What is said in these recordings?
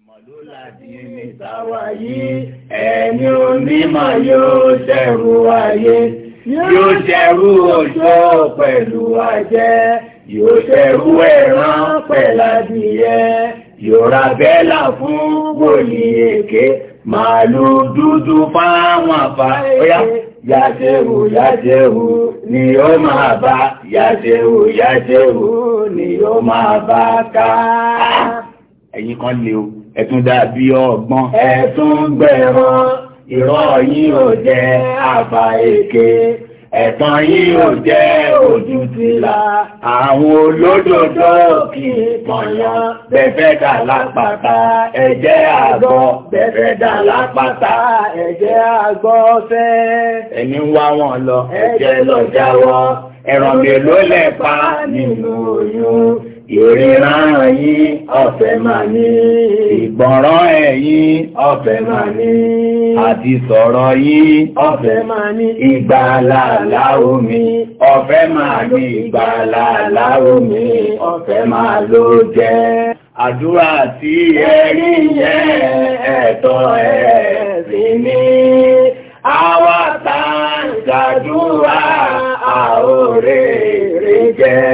ìmọ̀ ló láti ní táwa yìí ẹni onímọ̀ yóò ṣẹ̀rù ayé yóò ṣẹ̀rù ọjọ́ pẹ̀lú ajẹ́ yóò ṣẹ̀rù ẹran pẹ̀lú adìyẹ yóò ra bẹ́là fún wòlíì èké màálù dúdú fáwọn àbá ọ̀yá yàṣẹ́wò yàṣẹ́wò ni ó máa bá yàṣẹ́wò yàṣẹ́wò ni ó máa bá ká. Ah, ẹ̀yin kan lè o ẹ̀tún dàbí ọgbọ́n ẹ̀tún gbẹ̀rán irọ́ yín ò jẹ́ àbá èké ẹ̀tàn yín ò jẹ́ ojú tìlà àwọn olódodo kì í pọ̀yàn bẹ́fẹ́ dà lápáta ẹ̀jẹ̀ àgọ́ bẹ́fẹ́ dà lápáta ẹ̀jẹ̀ àgọ́ fẹ́. ẹni ń wá wọn lọ ẹ̀jẹ̀ lọ jáwọ́ ẹ̀ràn mélòó lẹ pa nínú oyún ìríran yín ọ̀fẹ́ màá ní. Gbọ̀nrán ẹ̀yin ọ̀fẹ́ máa ní, àti sọ̀rọ̀ yín ọ̀fẹ́ máa ní, ìgbàlàlá omi, ọ̀fẹ́ máa ní ìgbàlàlá omi, ọ̀fẹ́ máa ló jẹ́. Àdúrà tí ẹ̀rí yẹ ẹ̀tọ́ ẹ̀ sí ní, àwa àórèrè jẹ́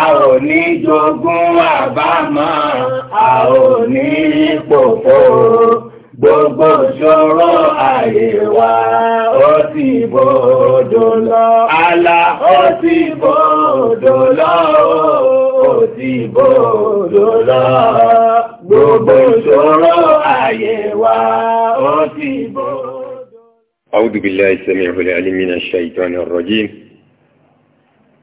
a ò ní jogún àbámọ̀ a ò ní pòfo gbogbo ṣòro ayé wa ó ti bòdò lọ àlà ó ti bòdò lọ ó ti bòdò lọ gbogbo ṣòro ayé wa ó ti bòdò. أعوذ بالله السميع العليم من الشيطان الرجيم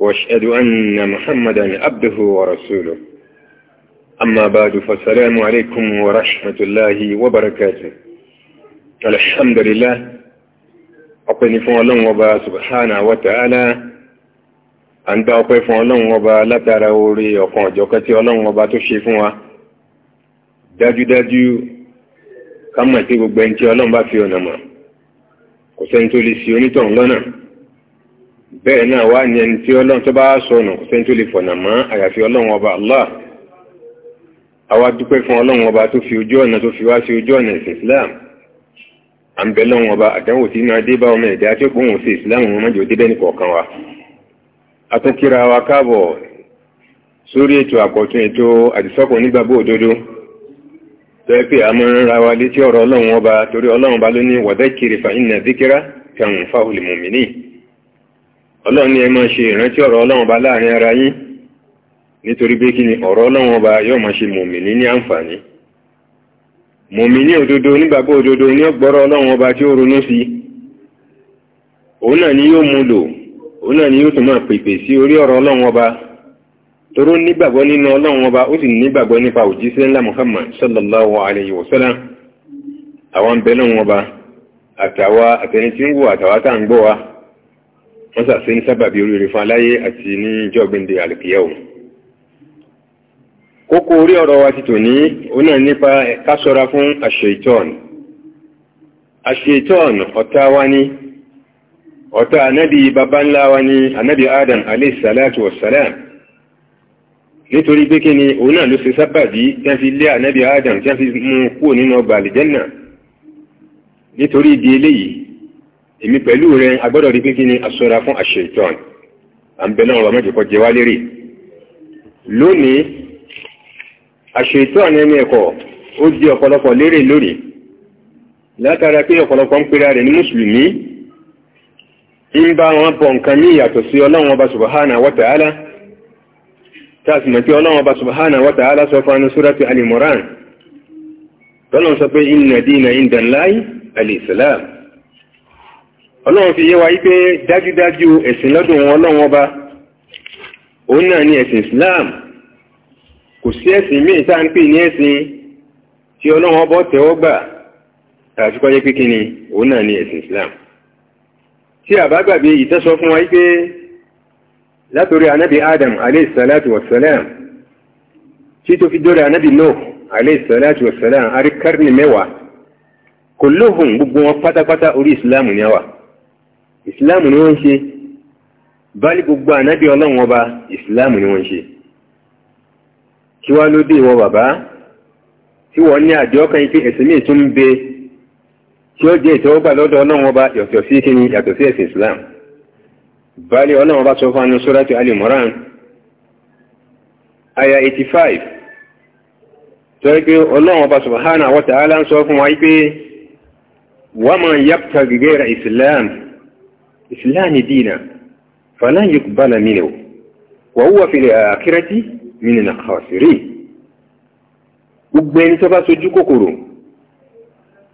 واشهد أن محمدا عبده ورسوله أما بعد فالسلام عليكم ورحمة الله وبركاته الحمد لله أقول فún ọlọ́run ọba subhana wa ta'ala a ń dá ọpẹ́ fún ọlọ́run ọba látara orí ọ̀kan ọ̀jọ̀kan tí ọlọ́run ọba tó ṣe fún wa dájúdájú ká mọ̀ sí gbogbo ẹni tí ọlọ́run bá fi ọ̀nà mọ̀ kò sẹ́ni tó lè ṣì onítọ̀hún lọ́nà bẹ́ẹ̀ náà wá ní ẹni tí ọlọ́run tó bá sọnù sẹ́ni tó lè fọ̀nà mọ́ ọba allah A dúpẹ́ fún ọlọ́run ọba tó fi ojú ọ̀nà tó fi wá sí ojú ọ̀nà ìsìn islam a ń bẹ lọ́run ọba àdánwò tí bá ọmọ ẹ̀dá tí ó sí islam wọn mọ́jọ wa a tún kíra wa káàbọ̀ sórí ètò a ọba torí ọba ọlọ́run ni ẹ máa ṣe ìrántí ọ̀rọ̀ ọlọ́run ọba láàrin ara yín nítorí pé kí ni ọ̀rọ̀ ọlọ́run ọba yóò máa ṣe mòmìnì ní àǹfààní mòmìnì òdodo onígbàgbọ́ òdodo ní ọgbọ́rọ̀ ọlọ́run ọba tí ó ronú sí òun náà ni yóò mú lò òun náà ni yóò tún máa pèpè sí orí ọ̀rọ̀ ọlọ́run ọba toró nígbàgbọ́ nínú ọlọ́run ọba ó sì ọba àtàwa àtàwa wa. wọ́n sàṣe ní sábàbí oríire fún aláyé àti ní jọ́gbìndé àlùkìyàwó kókó orí ọ̀rọ̀ wa ti tòní ó náà nípa ká ṣọ́ra fún àṣeitọ́n àṣeitọ́n ọ̀tá wa ní ọ̀tá anábì baba ńlá wa ní anábì adam alayhi salatu salam. nítorí pé kí ni òun náà ló ṣe sábàbí tí a fi lé anábì adam tí a fi mú kúrò nínú ọgbà àlìjẹ́nà nítorí ìdí eléyìí èmi pẹ̀lú rẹ agbọ́dọ̀ rí pé kí ni aṣọra fún àṣetán à ń bẹ náà ọ̀rọ̀ mẹ́jọ kọ́ jẹ wá lérè lónìí àṣetán ẹni ẹ̀kọ́ ó di ọ̀pọ̀lọpọ̀ lérè lónìí látara pé ọ̀pọ̀lọpọ̀ ń pera rẹ̀ ní mùsùlùmí ń bá wọn bọ̀ nǹkan ní ìyàtọ̀ sí ọlọ́run ọba subhanahu wa ta'ala tásìmọ̀tí ọlọ́run ọba subhanahu wa ta'ala sọ fún anusúrátì alimoran tọ́lọ́n sọ pé inna dina inda Allahi al-Islam ọlọ́run fi yé wa wípé dájúdájú ẹ̀sìn lọ́dọ̀ wọn ọlọ́run ọba òun náà ni ẹ̀sìn Islam kò sí ẹ̀sìn míì tá à ń pè ní ẹ̀sìn tí ọlọ́run ọba tẹ́wọ́ gbà àti kọ́ pé kí òun náà ni ẹ̀sìn Islam tí a bá gbàgbé ìtẹ́sọ fún wa wípé látòrí anábì Adam alayhi salatu wa salam tí tó fi dórí anábì Nuh alayhi salatu wa salam arí kárìnì mẹ́wàá kò lóhùn gbogbo wọn pátápátá orí ìsìláàmù ni a ìsìláàmù ni wọ́n ṣe báyìí gbogbo ànábì ọlọ́run ọba ìsìláàmù ni wọ́n ṣe kí wá ló dé ìwọ bàbá tí wọ́n ní àjọ kan pé ẹ̀sìn míì tún ń bẹ tí ó jẹ́ ìtẹ́wọ́gbà lọ́dọ̀ ọlọ́run ọba sí islam báyìí ọlọ́run ọba sọ fún anú sóràtì alimoran aya 85 sọ pé ọlọ́run ọba ta'ala ń sọ fún wa الإسلام دينا فلا يقبل منه وهو في الآخرة من الخاسرين gbogbo ẹni tó bá sojú kòkòrò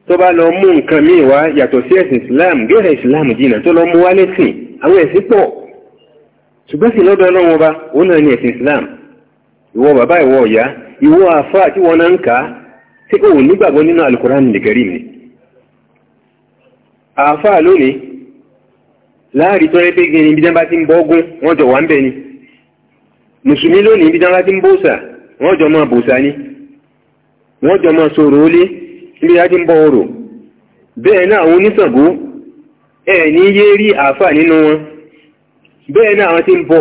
tó bá lọ mú nǹkan míì wá yàtọ̀ sí ẹ̀sìn islam gẹ́rẹ̀ islam jìnà tó lọ mú wá lẹ́sìn àwọn ẹ̀sìn pọ̀ ṣùgbọ́n sí lọ́dọ̀ ọlọ́run ọba ó náà ní ẹ̀sìn islam ìwọ bàbá ìwọ ọ̀yá ìwọ àfá tí wọn náà ń kà á tí kò nígbàgbọ́ nínú alukoran nìkẹ́rì ni àfá lónìí láàrí tó rẹ́pẹ́ gẹ̀ẹ́ ibi dánbá ti ń bọ́ ọgún jọ wà ń bẹ̀ ni mùsùlùmí lónìí ibi dánbá ti ń bòsà wọ́n jọ máa bòsà ni wọ́n jọ máa sọ̀rọ̀ ó lé ti ń bọ ọrọ̀ bẹ́ẹ̀ náà àwọn ní yé rí àáfà nínú wọn náà àwọn ti ń bọ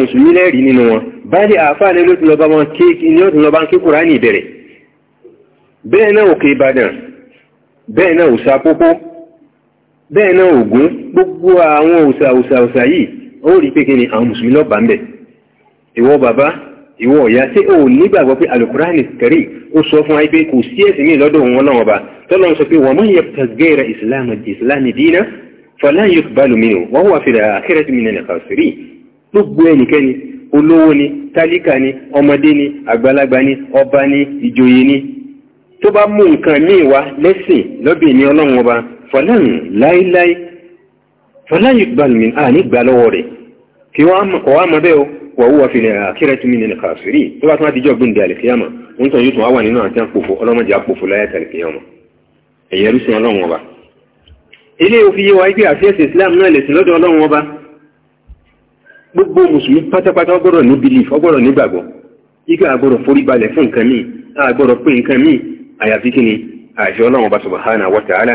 mùsùlùmí nínú wọn báyìí àáfà ló ti lọ bá bẹ́ẹ̀ náà Ògún gbogbo àwọn òsà òsà òsà yìí ó rí pé kíni àwọn mùsùlùmí lọ́ba ń bẹ̀ ìwọ bàbá ìwọ ọ̀yá tí ò nígbàgbọ́ pé alukurani kẹrì ó sọ fún wa pé kò sí ẹ̀sìn mi lọ́dọ̀ wọn náà ọba tọ́lọ́ sọ pé wọ́n mọ̀ yẹ tàgẹ́rẹ́ ìsìlámù ìsìlámù dínà fọláyìn yóò bá lómi o wọ́n wà fọlẹ́n láíláí fọlẹ́n ìgbàlùmí àní gbà lọ́wọ́ rẹ̀ kí wọ́n wá mọ́ bẹ́ẹ̀ wà wúwa fi lè àkírẹ́ tún mí nínú kàfírí tó bá tún wá dijọ́ gbìndé àlìkíyàmà ń tàn yóò tún wá wà nínú àti àpòfò ọlọ́mọdé àpòfò láyé àtàlìkíyàmà ẹ̀yẹ rúṣin ọlọ́run ọba ilé òfin yé wa gbé àfíẹ́sì Islam náà lè sí lọ́dọ̀ ọlọ́run ọba gbogbo mùsùlùmí pátápátá ọgbọ́dọ̀ ní belief ọgbọ́dọ̀ nígbàgbọ́ ike àgbọ́dọ̀ forí balẹ̀ fún nǹkan míì àgbọ́dọ̀ pé nǹkan míì àyàfi kí ni àṣẹ ọlọ́run ọba subhanahu wa ta'ala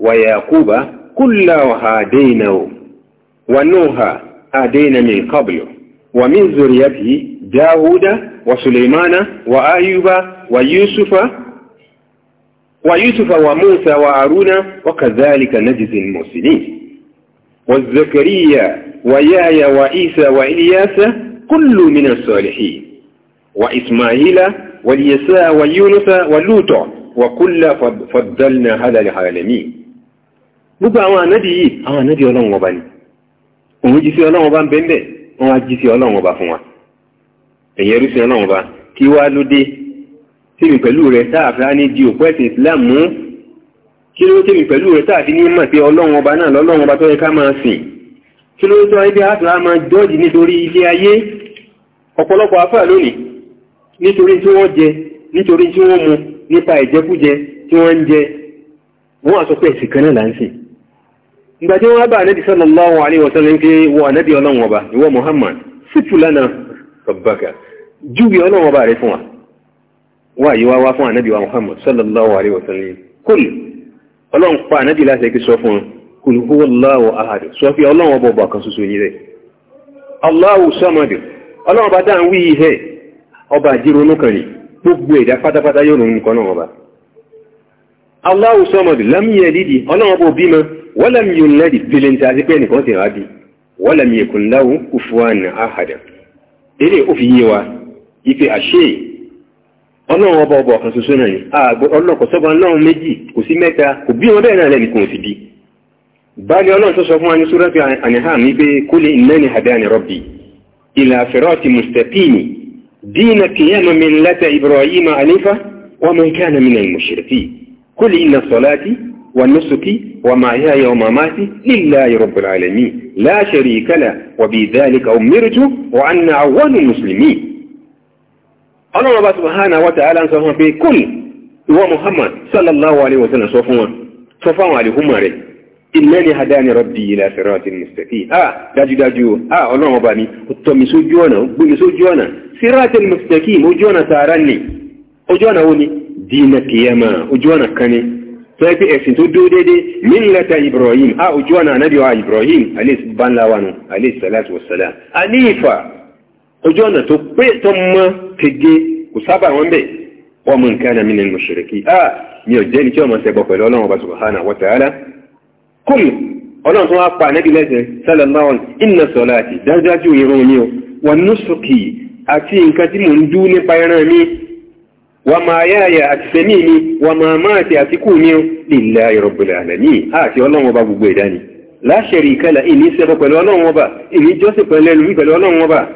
ويعقوب كلا هديناه ونوح هدينا من قبل ومن ذريته داود وسليمان وأيوب ويوسف ويوسف وموسى وعارون وكذلك نجزي المرسلين وزكريا ويايا وعيسى وإلياس كل من الصالحين وإسماعيل واليساء ويونس ولوط وكل فضلنا على العالمين gbogbo àwọn ànábì yìí àwọn ànábì ọlọ́run ọba ni òun jí sí ọlọ́run ọba ń bẹ́ẹ̀ bẹ́ẹ̀ á jí sí ọlọ́run ọba fún wa ẹ̀yìn ẹrú sí ọlọ́run ọba kí wá ló dé tèmi pẹ̀lú rẹ̀ táàfẹ́ ní di òpó ẹ̀sìn Islam mú kí ló tèmi pẹ̀lú rẹ̀ táàfin ní mọ̀ pé ọlọ́run ọba náà lọ́lọ́run ọba tó yẹ ká máa sìn kí ló a á máa jẹ ìgbà tí wọ́n bá ànábì sallallahu alaihi wasallam pé wọ́n ànábì ọlọ́run ọba ìwọ Muhammad sípù lánàá rabbaka júwe ọlọ́run ọba rẹ fún wa wà wá fún wa Muhammad sallallahu alaihi wasallam kul sọ sọ ihe ọba ní gbogbo ẹ̀dá Allahu sọ́mọ̀dì lámìí ẹ̀lìdì ọlọ́run bó bímọ wọ́n lámìí yóò lẹ́dì bílẹ̀ tí a ti pẹ́ nìkan ti rábì wọ́n lámìí ẹ̀kùn láwù kúfúwánà àhàdà. Eré ó fi yé wa ife àṣẹ ọlọ́run ọba ọba ọ̀kan ṣoṣo náà ni ọlọ́kọ̀ sọ́ba ọlọ́run méjì kò sí mẹ́ta kò bí wọn bẹ́ẹ̀ náà lẹ́nu kò sì bí. Báyọ̀ ọlọ́run tó sọ fún wa ní Súrọ́tì Àníhàm wípé kólé قل إن صلاتي ونسكي ومعياي ومماتي لله رب العالمين لا شريك له وبذلك أمرت وأنا أول المسلمين الله سبحانه وتعالى سبحانه في كل هو محمد صلى الله عليه وسلم صفوان صفوان عليهم ري إنني هداني ربي إلى صراط مستقيم آه داجو داجو آه الله أباني اتمسوا جوانا بمسوا جوانا صراط المستقيم وجوانا سارني ojú ọ̀nà wo ni dina kìyàmà ojú ọ̀nà kan ni tó yẹ ẹ̀sìn tó dúró dédé mílẹ̀tà ibrahim a ojú ọ̀nà anábìwá ibrahim alayhi banlawanu alayhi salatu wasalam anifa ojú ọ̀nà tó pé tó mọ́ kege kò sábà wọn bẹ̀ wọ́n mú nǹkan náà minal mushriki a mi ò jẹ́ ní tí ọmọ ṣẹbọ pẹ̀lú ọlọ́run ọba subhanahu wa ta'ala kúl ọlọ́run tó wá pa anábì lẹ́sẹ̀ sallallahu inna salati dájúdájú ìrún mi ò wà nusuki àti nǹkan tí mò ń dú nípa ẹran mi wa ma yáyà àti sẹ́mí ni wa ma máa ti àtikú ní lillahi rabbil alamin àti ọlọ́run ọba gbogbo ẹ̀dá ni la sharika lahu ìní sẹ́bọ̀ pẹ̀lú ọlọ́run ọba ìní jọ́sìn pẹ̀lú ẹlòmí pẹ̀lú ọlọ́run ọba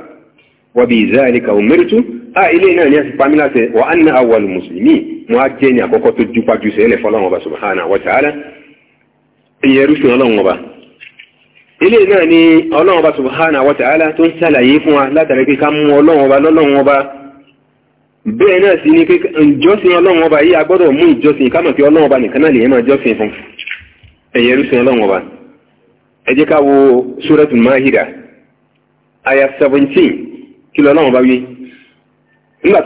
wa bi zalika umirtu à ilé náà ní àsìpá mi láti wa anna awwal muslimin mo á jẹ́ ní àkọ́kọ́ tó jùpa jù sẹ́lẹ̀ fọlọ́run ọba ọlọ́run ọba ilé náà ni ọlọ́run ọba subhanahu wa ta'ala tó ń sàlàyé fún wa látàrí pé ká mú ọlọ́run ọba lọ́lọ́run ọba bẹ́ẹ̀ náà sì ni pé ìjọsìn ọlọ́run ọba yìí agbọ́dọ̀ mú ìjọsìn ìkámọ̀ tí ọlọ́run ọba nìkan náà lè máa jọsìn fún ẹ̀yẹ ọlọ́run ọba ẹ ká wo suratul Maida aya seventeen kí ọlọ́run ọba wí nígbà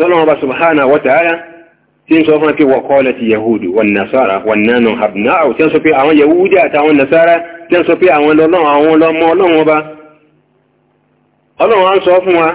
ọlọ́run ọba yahudu nasara tí ń sọ pé àwọn àtàwọn nasara tí ń sọ pé àwọn ọlọ́run ọba ọlọ́run á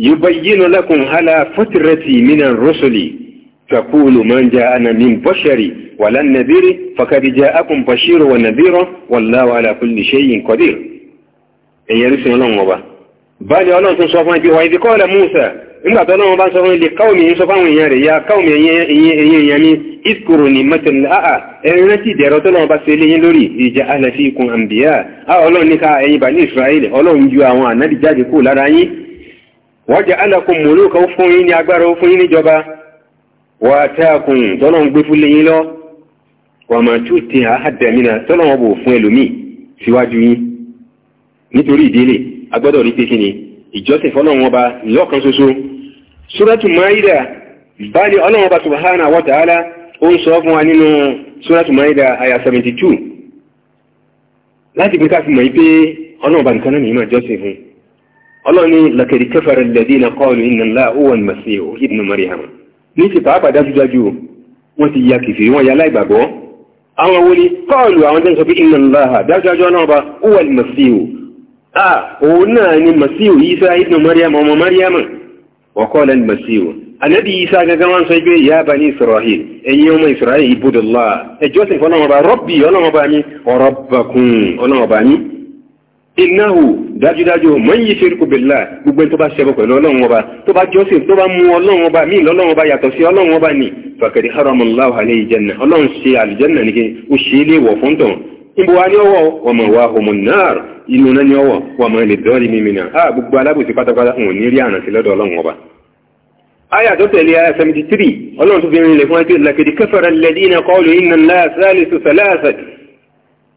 يبين لكم على فترة من الرسل تقول من جاءنا من بشر ولا النذير فقد جاءكم بشير ونذير والله على كل شيء قدير ẹ̀yẹ rísìn ọlọ́run ọba báyìí ọlọ́run tún sọ fún ẹbí wa ìdíkọ́ ọ̀lẹ̀ Musa nígbàtọ̀ ọlọ́run bá ń sọ fún ilé káwọ̀mí ń sọ fáwọn èèyàn rẹ̀ ya káwọ̀mí èèyàn èèyàn ní ìkòrò ní mẹ́tẹ̀lẹ̀ àà ẹ̀rẹ́ tí ìdẹ̀rọ tọ́lọ́run bá ṣe léyìn lórí ìjà alẹ́fíkun àmbíyà ọlọ́run ní ká ẹ̀yin bá ní Israẹli ọlọ́run ju àwọn ànábì jáde kú lára yín wọ́n jẹ́ alákùn funyi fún yín ní agbára fún yín níjọba wà táàkùn tọ́lọ̀ ń gbé fún lọ wà máa tún ti àádẹ́mínà tọ́lọ̀ wọn bò fún ẹlòmíì síwájú yín nítorí ìdílé agbọ́dọ̀ rí pé ni ìjọsìn fọ́lọ́run ọba lọ́kan ṣoṣo súrátù máìdà báyìí ọlọ́run ọba subhanahu wa ta'ala ó ń sọ 72 láti mọ̀ yí pé ọlọ́run ọba nìkan ọlọ́ni laqad kafara alladhina qalu inna Allaha huwa al-masih ibn Maryam ní ti pàápàá dájúdájú wọ́n ti ya kìfìrí wọ́n ya láìgbàgbọ́ àwọn wo ni qalu àwọn tẹ́ ń sọ pé inna Allaha dájúdájú ọlọ́ọ̀bá huwa al-masih à òun náà ni masih Isa ibn Maryam ọmọ Maryam wa qala al-masih anabi isa gangan wọn sọ pé ya bani israel ẹ̀yin ọmọ israel ibudullah ẹjọ́ sìn fọlọ́mọba rọ́bì ọlọ́mọba mi ọ̀rọ̀bàkùn ọlọ́mọba mi innahu dájúdájú man yushriku billah gbogbo tó bá ṣẹbọ pẹ̀lú ọlọ́run ọba tó bá jọ́sìn tó bá mú ọlọ́run ọba míì lọ́lọ́run ọba yàtọ̀ sí ọlọ́run ọba ni faqad haramallahu alayhi janna ọlọ́run ṣe àlùjẹ́nà nìkan ó ṣe é léèwọ̀ fún tàn níbo wa ní ọwọ́ wa ma'wahumun nar inú náà ní ọwọ́ wa ma lidh-dhalimin min náà gbogbo alábòsí pátápátá ọlọ́run ọba الذين قالوا إن الله ثالث ثلاثة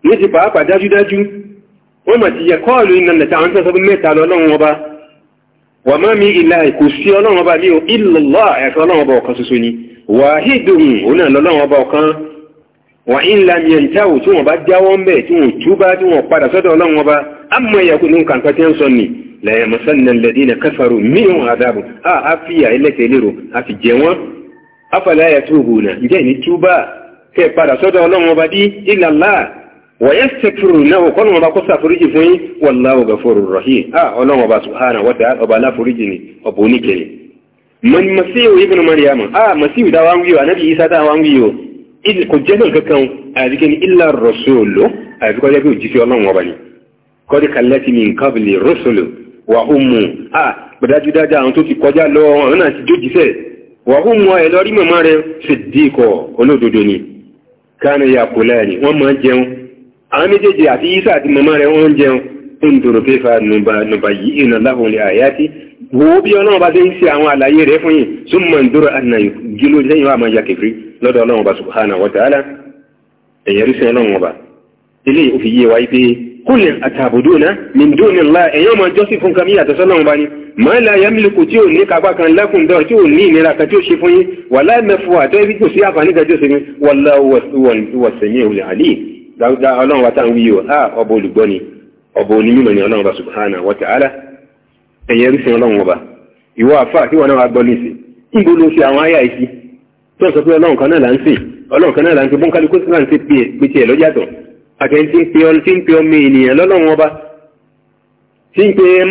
نجي بابا داجو wọ́n mọ̀ sí yẹ kọ́ọ̀lù iná nàta àwọn tó sọ fún mẹ́ta lọ́lọ́run ọba wà má mi ìlà kò sí ọlọ́run ọba mi ò ìlọ́lọ́ ẹ̀fẹ́ ọlọ́run ọba ọ̀kan ṣoṣo ni wàhídùn òun náà wà ní kan ni lẹ́yẹmọ́sánná lẹ́dínà káfàrò mílíọ̀n a á fi àìlẹ́sẹ̀ lérò a sì jẹ wọ́n afàlẹ́ di náà wọ̀yẹ́sẹ̀kìrù náà kọ́nà ọba kó sàforíjì fún yí wallahu ghafurur rahim a ọlọ́run ọba subhanahu wa ta'ala ọba aláforíjì ni ọba oníkẹyẹ man masihu ibn maryam a masihu da wa ngiyo anabi isa da wa ngiyo idi ko jẹ́nà kankan àdìgẹ́ ni illa rasulu àdìgọ́ jẹ́ pé òjíṣẹ́ ọlọ́run ọba ni kọ́dí kallati min qabli rusulu wa ummu a gbẹdájúdájá àwọn tó ti kọjá lọ àwọn náà ti jójíṣẹ́ wa ummu ẹ̀ lọ rí mọ̀mọ́ rẹ̀ siddiqo olódodo ni kánú ya kùlẹ̀ ni wọ́n máa àwọn méjèèjì àti isa àti mọ̀mọ́ rẹ̀ wọ́n ń jẹun ń dòrò fífa nùbà yìí ìnà láhùn lè àyà tí wo bí ọlọ́run bá ṣe ń ṣe àwọn àlàyé rẹ̀ fún yìí tún mọ̀ ń dòrò àná gílò lẹ́yìn wa máa ya kẹfì lọ́dọ̀ ọlọ́run ọba subhanahu wa ta'ala ẹ̀yẹ rí sin ọlọ́run ọba ilé òfi yé wa pé kúlì àtàbùdúnà min wala mẹ́fọ́ àtọ́ ibi kò sí dáúdá ọlọ́run wa tá ń wí o a ah, ọba olùgbọ́ ni ọba onímọ̀ ni ọlọ́run ọba subhanahu wa ta'ala ẹ̀yẹ rí sin ọlọ́run ọba ìwọ àfà kí wọn náà wá gbọ́ nísìn níbo ló ṣe àwọn àyà ìsí tó ń sọ pé ọlọ́run kan náà là ń pe ọmọ ènìyàn lọ́lọ́run ọba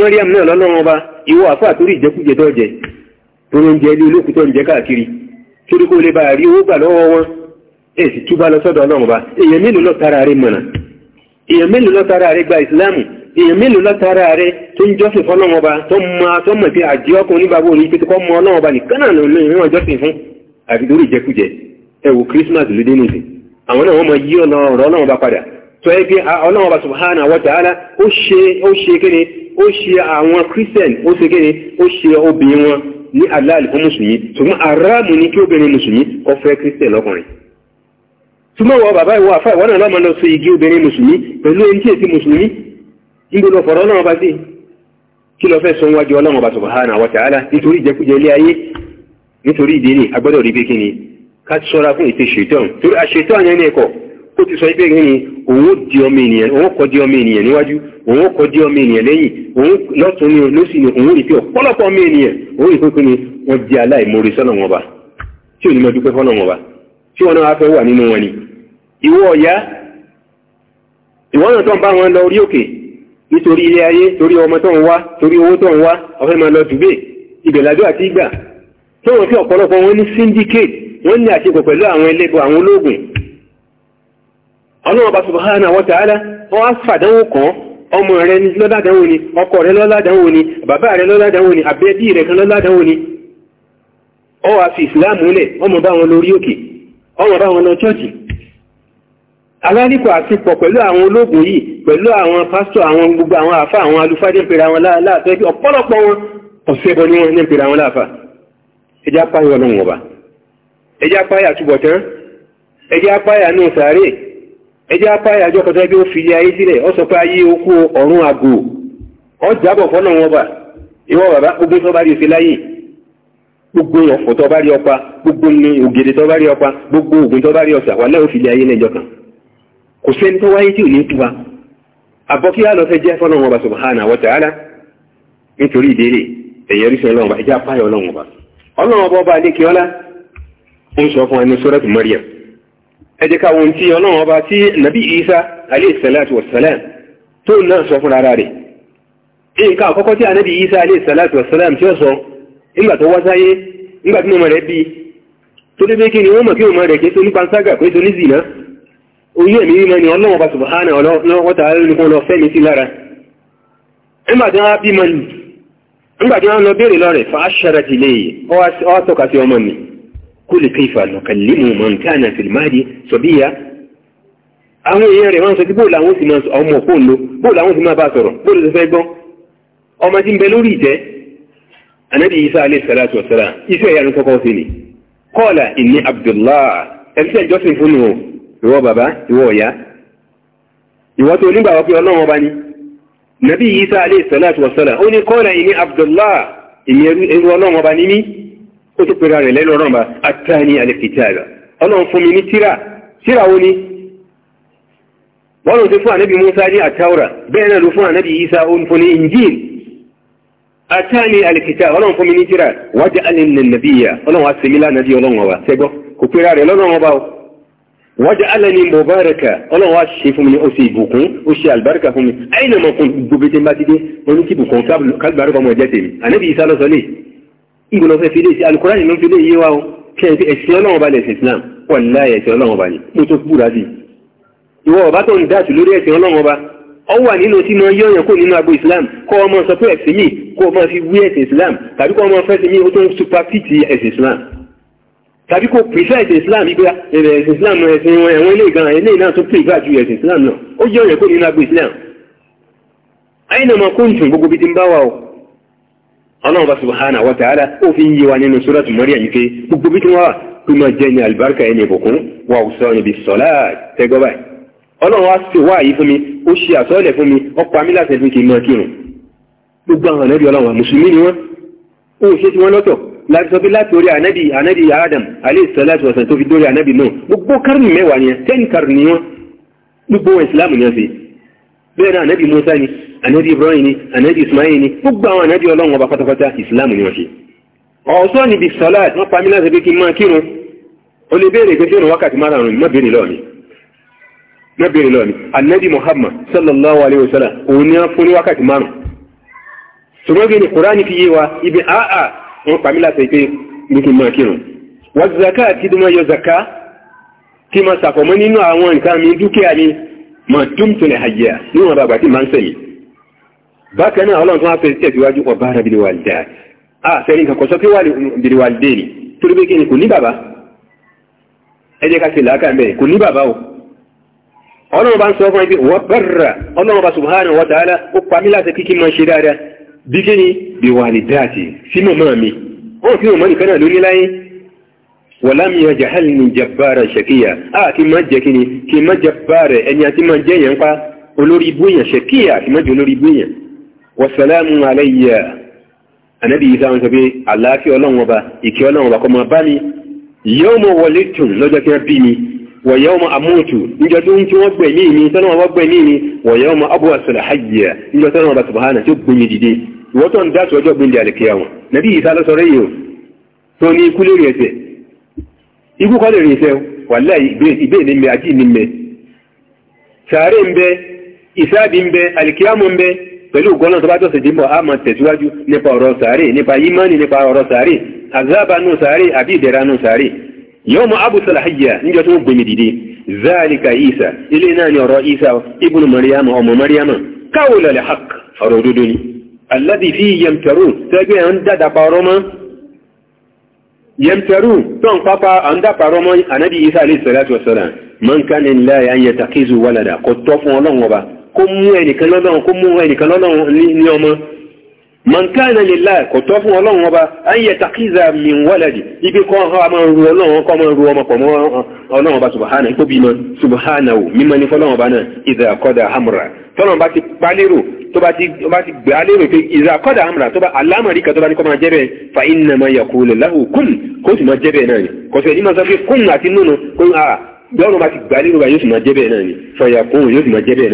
Mariam náà lọ́lọ́run ọba ìwọ àfà torí ìjẹkújẹ tó jẹ ilé olókùtọ̀ káàkiri èsì túbá lọ sọ́dọ̀ ọlọ́run bá èèyàn mélòó lọ tara rẹ mọ̀nà èèyàn mélòó lọ tara rẹ gba ìsìláàmù èèyàn mélòó lọ tara rẹ tó ń jọ́sìn fọ́lọ́run ọba tó máa tó mọ̀ pé àjẹ́ ọkùnrin bàbá òní pé kọ́ mọ ọlọ́run ọba nìkan náà lòun lòun jọ́sìn fún àti lórí ìjẹkújẹ ẹ Christmas ló dé nìyí àwọn náà wọ́n mọ yí ọ̀nà ọ̀rọ̀ ọlọ́run ọba padà tó ẹgbẹ́ ọlọ́run ọba subhanahu wa ta'ala ó ṣe ó ṣe kéde ó ṣe àwọn Christian ó ṣe kéde ó ṣe obìnrin wọn ní aláàlú fún mùsùlùmí ni túmọ̀ wọ bàbá ìwọ àfà ìwọ náà lọ́mọ lọ igi obìnrin musulmi pẹ̀lú ẹni tí èsì mùsùlùmí níbo fọ̀rọ̀ náà bá kí lọ fẹ́ sun wájú ọlọ́run ọba subhanahu wa ta'ala nítorí ìjẹkújẹ ilé ayé nítorí ìdílé agbọ́dọ̀ rí bí kíni fún ètè ṣètọ́n torí àṣetọ́n yẹn ní ẹ̀kọ́ ó ti sọ pé kíni òun di ọmọ ènìyàn òun ó di ọmọ ènìyàn níwájú òun ó di ọmọ ènìyàn lẹ́yìn òun lọ́tún ní lọ́sì ni òun ọ̀pọ̀lọpọ̀ ọmọ ènìyàn òun iwu ọ̀yá ìwọ́nà tó ń bá wọn lọ orí òkè nítorí ilé ayé torí ọmọ tó ń wá torí owó tó ń wá ọ̀fẹ́ ma lọ dùbẹ̀ ìbẹ̀lájọ́ àti ìgbà tó wọ́n fi ọ̀pọ̀lọpọ̀ wọn ní syndicate wọ́n ní àṣepọ̀ pẹ̀lú àwọn ẹlẹ́bọ àwọn ológun ọlọ́wọ́ bá ta'ala ni ọkọ rẹ ni kan alárìkọ̀ àti pọ̀ pẹ̀lú àwọn ológun yìí pẹ̀lú àwọn pásítọ̀ àwọn gbogbo àwọn àfá àwọn alúfádé pèrè àwọn láàfẹ́ bí ọ̀pọ̀lọpọ̀ wọn ọ̀sẹ̀bọ̀ ní wọn ní pèrè àwọn láàfà ẹjá páyà ọlọ́run ọba ẹjá páyà túbọ̀tán ẹjá páyà ní sàárè ẹjá páyà jọkọtọ́ bí ó fi ilé ayé sílẹ̀ ọ sọ pé ayé okú ọ̀run àgò ọjàbọ̀ gbogbo ọ̀fọ̀ tó ọpa gbogbo ògèdè tó ọpa gbogbo ògùn tó ọ̀sà wà láì òfin ayé lẹ́jọ́ kan kò sẹ́ni tó wáyé tí ò ní tuba àbọ́kí á lọ fẹ́ jẹ́ fọ́nà wọn bá subhana wa ta'ala nítorí ìdílé ẹ̀yẹ rí sọ ọlọ́wọ́n bá ẹjá páyọ̀ ọlọ́wọ́n bá ọlọ́wọ́n bá bá lé kí ọlá ń sọ fún ẹni suratu Maryam ẹ káwọn tí ọlọ́wọ́n bá tí nàbí Isa alayhi salatu tó náà sọ fún ara rẹ̀ nǹkan àkọ́kọ́ orí ẹ̀mí mímọ́ ni ọlọ́wọ́ bá subhanahu wa ta'ala nìkan lọ fẹ́mi sí lára nígbàtí wọ́n bí mọ́ ní nígbàtí wọ́n lọ béèrè lọ́rẹ̀ fa asharat ilayhi ọwá tọ́ka sí ọmọ mi qul kayfa nukallimu man kana fil mahdi sabiyya àwọn èèyàn rẹ̀ wọ́n sọ pé bóòlù àwọn sì máa ọmọ fóun lo bóòlù àwọn sì máa bá sọ̀rọ̀ bóòlù tó fẹ́ gbọ́n ìwọ bàbá ìwọ ọ̀yá ìwọ tó nígbàwọ́ pé ọlọ́run ọba ni nàbí Ìsá alayhi salatu wassalam ó ní kọ́ọ̀lá ìní Abdullah ìní ẹrú ọlọ́run ọba ní mí ó ti pera rẹ̀ lẹ́nu ọlọ́run ọba atani al-kitaba ọlọ́run fún mi ní tíra tíra wo ni wọ́n lọ sí fún ànábì Musa ní àtàwùrà bẹ́ẹ̀ náà ló fún ànábì Ìsá ó ń fún ní waj'alani mubaraka ọlọ́run wá ṣe fún mi ó ṣe ìbùkún ó ṣe àlùbáríkà fún mi àyìnà mọ̀ fún gbogbo tí n bá ti dé wọn ní kí ìbùkún kálùbáríkà ọmọ ẹ̀jẹ̀ tèmi ànábì Ìsá lọ́sọ lè ìgbò lọ́fẹ́ fi lè ṣe Al-Kùránì ló ń fi lè yé wa o kí ẹni pé ẹ̀sìn ọlọ́run ọba lẹ̀sìn Islam wallahi ẹ̀sìn ọlọ́run ọba ni mo tó kúra sí nínú tí mo yọ ọyàn kó nínú agbo Islam kọ ọmọ sọ pé ẹ̀sìn mi kó ọmọ fi wí ẹ̀sìn Islam tàbí kọ ọmọ fẹsìn mi ó tó ń supafiti ẹ̀sìn Islam tàbí kò pèsè ẹ̀sìn islam yìí pé eh, ẹ̀sìn islam ẹ̀sìn wọn ẹ̀wọ̀n ilé ìgbà ilé náà tó pè gbà ju ẹ̀sìn islam náà ó jẹ́ ọ̀yẹ̀ kó nínú agbo islam àyìnà máa kó nìtún gbogbo bí ti ń bá wa o ọlọ́run bá subhanahu wa ta'ala ó fi ń yé wa nínú suratu Maryam yìí pé gbogbo bí ti wá tó máa jẹ́ ní alibarika ẹni ìbùkún wa ò sọ níbi sọ́lá tẹ́gọ́ báyìí ọlọ́run wá mi ó ṣe àsọ́ọ̀lẹ̀ fún mi ó pa mí láti ẹ̀fún kì í máa kírun gbogbo àwọn ẹ̀nẹ́bí ọlọ́run mùsùlùmí ni wọ́n ó ṣe tí láti sọ pé láti orí ànábì ànábì adam aléìsọ́láti ọ̀sán tó fi dórí ànábì náà gbogbo kárùn mẹ́wàá yẹn ten kárùn ni wọ́n gbogbo wọn ìsìlámù ni wọ́n fi bẹ́ẹ̀ náà ànábì musa ni ànábì ibrahim ni ànábì ismail ni gbogbo àwọn ànábì ọlọ́run ọba pátápátá ìsìlámù ni wọ́n fi. ọ̀sán níbi sọ́láàtì wọ́n pa mí láti pé kí n máa kírun o lè béèrè pé kírun wákàtí márùn-ún má béèrè lọ́ọ̀ má béèrè lọ́ọ̀ mi muhammad sallallahu alayhi wa sallam òun ni wọ́n fún ní wákàtí márùn-ún ṣùgbọ́n ni kùránì fi yé wa ibi àá ń pa mí láti pé ní kí n máa kírun wọ́n ti zaka àti kí n máa yọ zaka kí n máa ṣàfọ̀mọ́ nínú àwọn nǹkan mi dúkìá ni máa dùn tó lè hàjẹ́ níwọ̀n bàbá tí máa ń sẹ̀yìn bákan náà ọlọ́run tó wá fẹ́ tẹ̀síwájú ọba ara bìrì wàlìdá a fẹ́rin kankan sọ pé wà bìrì wàlìdé ni torí pé kí ni kò ní bàbá ẹ jẹ́ ká ṣe làákà mẹ́rin kò ní o ọlọ́run bá ń sọ fún ẹgbẹ́ wọ́n bẹ̀rẹ̀ ọlọ́run bá subhanahu wa ta'ala ó pa mí kíkí máa ṣe dáadáa bí kí ni bí wà lè dáàtì sí mọ̀mọ́ mi wọ́n fi mọ̀mọ́ nìkan náà lórí láyé wà lámìyàn jahali ni jabbara shakiya a kí má jẹ́ kí ni kí má jabbara ẹni àti má jẹ́ yẹn pa olórí ibú èèyàn kí má jẹ́ olórí ibú èèyàn sàlámù wọ̀yẹ́wọ̀mọ̀ àmóòtù níjọ tó ń tí wọ́n gbẹ̀mí mi tọ́nà wọ́n gbẹ̀mí mi wọ̀yẹ́wọ̀mọ̀ abúwàsọ̀lẹ̀ hajjẹ́ níjọ tọ́nà bá subhana tí ó gbẹ̀mí dìde wọ́n tó ń dáṣọ ọjọ́ gbẹ̀mí àlẹ́kẹ́yà wọn nàbí ìsá lọ́sọ̀rọ̀ yìí tó ní ikú lè rìn ẹsẹ̀ ikú kọ́ lè rìn ẹsẹ̀ wàlá ìbéè ní mẹ àjí ní mẹ sàárè ń bẹ ìsáàbì ń bẹ àlẹ́kẹ́yàmù ń bẹ pẹ̀lú gọ́nà tó bá tọ̀sẹ̀ dìbò a máa tẹ̀síwájú nípa ọ̀rọ̀ sàárè nípa yímánì nípa ọ̀rọ̀ sàárè àzábà sàárè àbí ìdẹ̀ra sàárè yawma abu salahiyya níjọ́ tó gbèmí dìde zaalika isa ilé náà ni ọ̀rọ̀ isa ibùn mariama ọmọ mariama káwò lọ́lẹ̀ haq ọ̀rọ̀ òdodo ni alladhi fi yamtarun tẹ́gbẹ́ ẹ̀ ń dàdà parọ́ mọ́ yamtarun tó ń pápá à ń dà parọ́ mọ́ anabi isa alayhi salatu wasalam man kana lillahi an yatakizu walada kò tọ́ fún ọlọ́run ọba kó mú ẹnìkan lọ́lọ́run kó mú ẹnìkan lọ́lọ́run ní ọmọ mọ̀nkánà lè láì kò tọ́ fún ọlọ́run ọba ayé takiza mi wọ́lẹ̀dì ibi kan ọ̀họ́ a máa ń ru ọlọ́run kọ́ máa ń ru ọmọ pọ̀ mọ́ ọlọ́run ọba subahana ikú bímọ subahana o mímọ ní fọlọ́run ọba náà ìdá hamra tọ́lọ́run bá ti palérò tó bá ti gbà á lérò pé ìdá àkọ́dà hamra tó bá alámọ̀rí kan tó bá ní kọ́ máa jẹ́bẹ̀ fa iná máa yà kúlẹ̀ láhùn kún kó ni kọ̀sẹ̀ ní máa sọ pé kún àti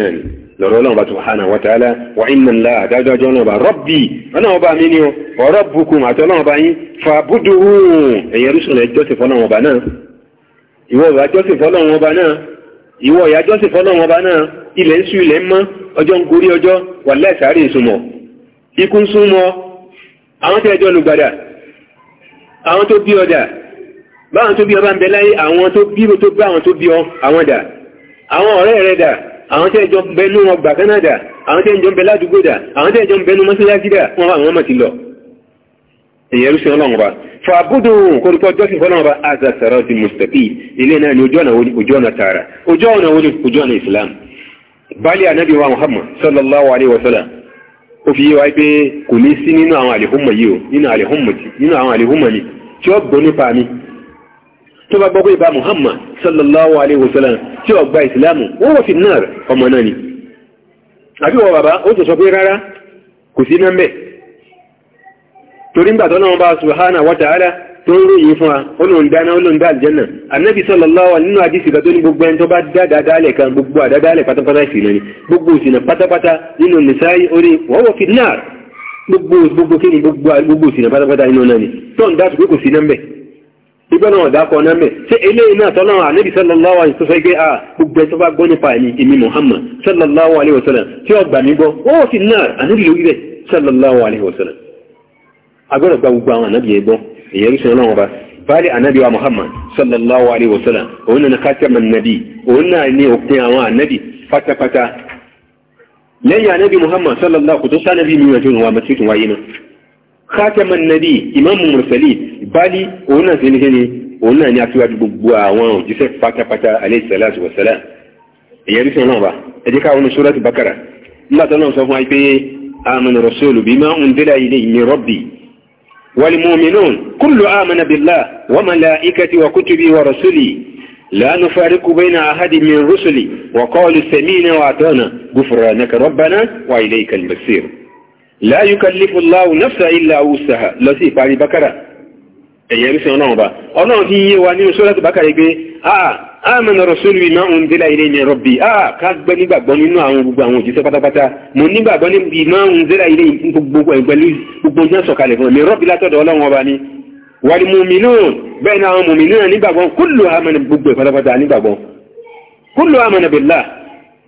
kó lọ́rọ̀ ọlọ́run bá subhanahu wa ta'ala wà inna Allah àdájọ́ ọjọ́ náà bá rọ́bì ọlọ́run bá mi ní ọ ọ̀rọ̀ bukun àti ọlọ́run bá yín fàbúdù ẹ̀yẹ rúṣùn rẹ̀ jọ́sìn fọ́lọ́run ọba náà ìwọ ìwà jọ́sìn fọ́lọ́run ọba náà ìwọ ìyá jọ́sìn fọ́lọ́run ọba náà ilẹ̀ ń sú ilẹ̀ ń mọ́ ọjọ́ ń gorí ọ̀rẹ́ rẹ̀ dà àwọn tẹ́ jọ bẹnu ọgbà Canada àwọn tẹ́ jọ bẹ ládùúgbò dà àwọn tẹ́ jọ bẹnu mọ́sálásí dà wọ́n àwọn ọmọ ti lọ èyàn rúṣin ọlọ́run ba fàbúdù kórìkọ́ jọ́sìn fọlọ́run ba azàsàrà ti mustaqi ilé náà ni ojú ọ̀nà tààrà ojú ọ̀nà wo ni ojú ọ̀nà Islam bali anabi Muhammad sallallahu alaihi wasallam ó fi yé wa pé kò ní sí nínú àwọn àlèhùnmọ̀ yìí o nínú àlèhùnmọ̀ ni tí ó gbọ́ nípa mi tó bá gbọ́gbọ́ ìbá muhammad sallallahu alaihi wasallam tí ó gba ìsìlámù wọ́n wọ́n fi náà ọmọ náà ni àbí wọ bàbá ó tọ̀sọ pé rárá kò sí náà mẹ́ torí ń gbàtọ́ náà bá subhana wa ta'ala tó ń ròyìn fún wa olóòndáná olóòndá aljanna annabi sallallahu alaihi nínú àdísì ìgbà tó ní gbogbo ẹni tó bá dáadáa kan gbogbo àdáadáa pátápátá ìsìnà ni gbogbo ìsìnà pátápátá nínú nìsáyí orí wọ́n wọ́n ibẹ̀ náà dákọ náà mẹ́ ṣe eléyìí náà tọ́lá ànábì sallallahu alaihi wasallam pé a ah, gbogbo ẹ̀tọ́ bá gbọ́ nípa ẹ̀mí èmi Muhammad sallallahu alaihi wasallam tí ó gbà mí gbọ́ ó sì náà ànábì lórí rẹ̀ sallallahu alaihi wasallam khatama nabi imamu mursali bali òun náà sí níṣẹ́ òun náà ni aṣíwájú gbogbo àwọn òjíṣẹ́ pátápátá alayhi salatu wa salam èyẹ rí sọ́nà ọba ẹjẹ́ káwọn ní suratu bakara nígbà tó náà sọ fún wa pé amana rasulu bima unzila ilayhi min rabbi wal mu'minun kullu amana billah wa malaikati wa kutubi wa rasuli لا نفارق بين أحد من رسلي وقالوا سمينا وأعطانا غفرانك ربنا وإليك المصير la yukallifu Allahu nafsan illa wus'aha lọ sí ìparí bákàrà ẹ̀yẹ ń sin ọlọ́run ba ọlọ́run ti yé wa nínú sọ́dọ̀ bákàrà pé àà amana rasulu bima unzila ilayna rabbi àà ká gbẹ́ nígbàgbọ́ nínú àwọn gbogbo àwọn òjíṣẹ́ pátápátá mo nígbàgbọ́ ní bima unzila ilayna gbogbo ẹ̀gbẹ́lú gbogbo jẹ́ sọ̀kalẹ̀ fún mi rabbi látọ̀dọ̀ ọlọ́run ọba ni wal mu'minun bẹ́ẹ̀ ni àwọn mùmínú nígbàgbọ́ kullu amana gbogbo pátápátá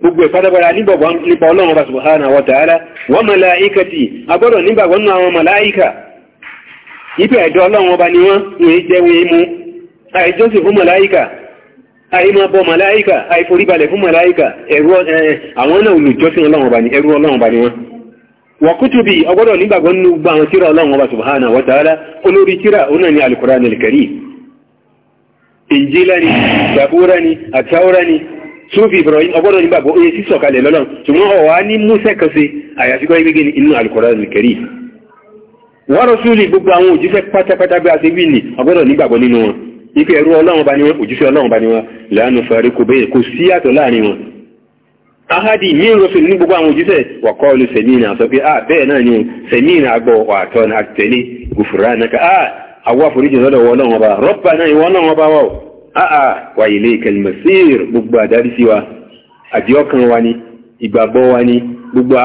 gbogbo ìfádàbára nígbàgbọ́ nípa ọlọ́run ọba subhanahu wa ta'ala wọ́n màláíkà tí agbọ́dọ̀ nígbàgbọ́ nínú àwọn màláíkà ipe ẹ̀dọ́ ọlọ́run ọba ni wọ́n wọ́n jẹ́ wọ́n mú àìjọ́sìn fún màláíkà àìmọ́bọ màláíkà àìforíbalẹ̀ fún màláíkà ẹ̀rú àwọn náà ẹ̀rú al sófì ibrahim ọgbọ́dọ̀ nígbà bó oye sísọ kalẹ̀ lọ́nà ṣùgbọ́n ọ̀wá ní músẹ́ kan sí àyàfi kọ́ gbígbé ní inú Al-Qur'an Al-Karim gbogbo àwọn òjíṣẹ́ pátápátá bí a ṣe wí ni ọgbọ́dọ̀ nígbàgbọ́ nínú wọn ipe ẹ̀rú ọlọ́run bá ní wọn òjíṣẹ́ ọlọ́run bá ní wọn kò kò sí láàrin wọn ahadi mi rọ́sùn ní gbogbo àwọn òjíṣẹ́ wà kọ́ọ̀lù sẹ̀mínà sọ pé ah, àà wà ilé ìkẹlìmọ̀síìr gbogbo àdárí sí wa àdíọ́kan wa ni ìgbàgbọ́ wa ni gbogbo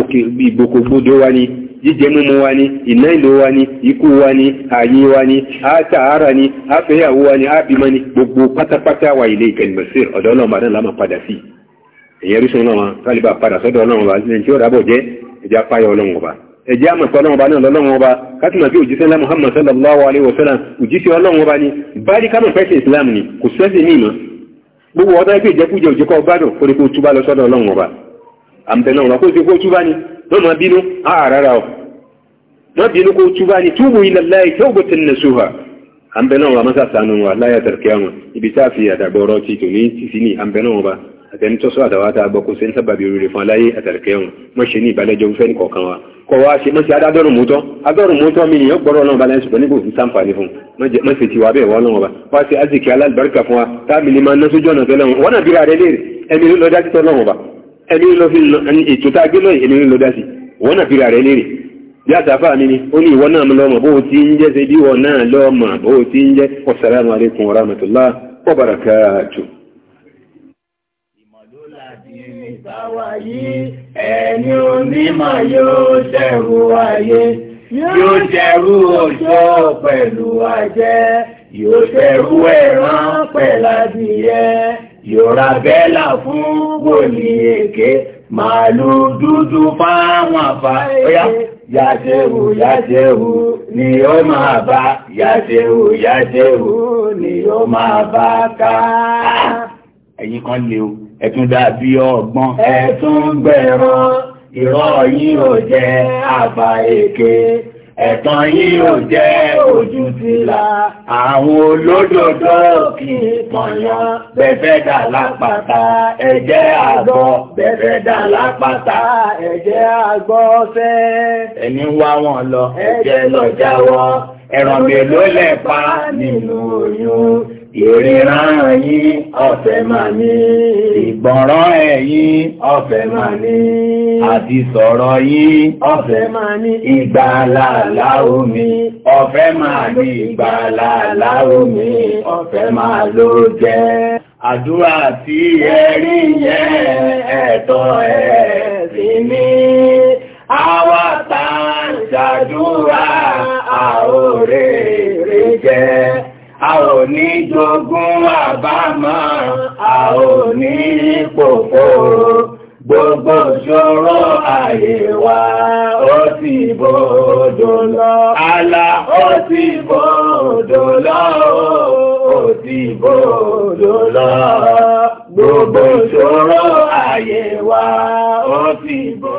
òkè ìgbòkògbódó wa ni jíjẹ mímu wa ni iná ìlò wa ni ikú wa ni ààyè wa ni àtàárà ni àfẹ́yàwó wa ni àbímọ ni gbogbo pátápátá wà ilé ìkẹlìmọ̀síìr ọ̀dọ̀ ọlọ́mọ àdán lámà padà sí èyẹ rísun náà wọn kálíbà padà sọ́dọ̀ ọlọ́run ọba ní tí ó rábọ̀ jẹ́ ẹja páyọ ọlọ́run ọba ẹ̀jẹ́ àmọ̀sọ́ ọlọ́run ọba náà lọ́lọ́run ọba kátìmọ̀ bí òjíṣẹ́ ńlá Muhammad sallallahu alaihi wasallam òjíṣẹ́ ọlọ́run ọba ni báyìí kámọ̀ fẹ́sẹ̀ Islam ni kò sẹ́sẹ̀ ní ìmọ̀ gbogbo ọdọ́ ẹgbẹ́ ìjẹkújẹ òjòkọ́ gbádùn kó ní kó túbá lọ sọ́dọ̀ ọlọ́run ọba àmì náà ọ̀nà kó ṣe kó túbá ni lọ́mọ bínú àrárá ọ wọ́n bínú kó túbá ni túbù ilẹ̀ láì tó bó ti nà sóhà àmì àtẹni tó sọ àtàwọn àtàgbọ́ kó ṣe ń sábàbí oríire fún aláyé àtàlẹ́kẹ́hùn mọ́ ṣe ní ìbálẹ́jọ́ fẹ́ nìkọ̀ọ̀kan wa kọ̀ wá ṣe mọ́sí adádọ́rùn mútọ́ adọ́rùn mútọ́ mi nìyàn gbọ́rọ̀ náà balẹ̀ ṣùgbọ́n nígbò ìsànfàní fún mọ́sí tiwa bẹ́ẹ̀ wọ́n náà wá wá sí azikí alábàríkà fún wa tábìlì máa ná sójú ọ̀nà tẹ́lẹ̀ wọn náà bíra rẹ léèrè ẹni ló dá sí tọ́lọ́ wọn bá ẹni ló fi ìbáwá yìí ẹni onímọ̀ yóò dẹ̀rù ayé yóò dẹ̀rù òjò pẹ̀lú ajẹ́ yóò dẹ̀rù ẹran pẹ̀lú adìyẹ yóò ra bẹ́là fún wòlíì èké màálù dúdú fáwọn àbá ọ̀yá yàtẹ̀wù yàtẹ̀wù ni ó máa bá yàtẹ̀wù yàtẹ̀wù ni ó máa bá ká. Ah, ẹ̀yin kan lè o ẹ̀tún dàbí ọgbọ́n ẹ̀tún gbẹ̀rán irọ́ yìí ò jẹ́ àgbà èké ẹ̀tàn yìí ò jẹ́ ojú tìlà àwọn olódodo kì í pọ̀nyán bẹ́fẹ́ dà lápàtà ẹ̀jẹ̀ àgbọ̀ bẹ́fẹ́ dà lápàtà ẹ̀jẹ̀ àgbọ̀ fẹ́. ẹni wá wọn lọ ẹ̀jẹ̀ lọ jáwọ́ ẹ̀ràn mélòó nínú oyún ìrìnà yín ọ̀fẹ́ máa ní ìgbọ̀nrán ẹ̀yin ọ̀fẹ́ máa ní àti sọ̀rọ̀ yín ọ̀fẹ́ máa ní ìgbàlàlà omi ọ̀fẹ́ máa ní ìgbàlàlà omi ọ̀fẹ́ máa ló jẹ́ àdúrà tí ẹ̀rí yẹn ẹ̀tọ́ ẹ̀ sí ní àwa tá a ṣàdúrà àórèrè jẹ́ a ò ní jogún àbámọ̀ a ò ní pòfo gbogbo ṣòro ayé wa ó ti bòdò lọ àlà ó ti bòdò lọ ó ti bòdò lọ gbogbo ṣòro ayé wa ó ti bòdò.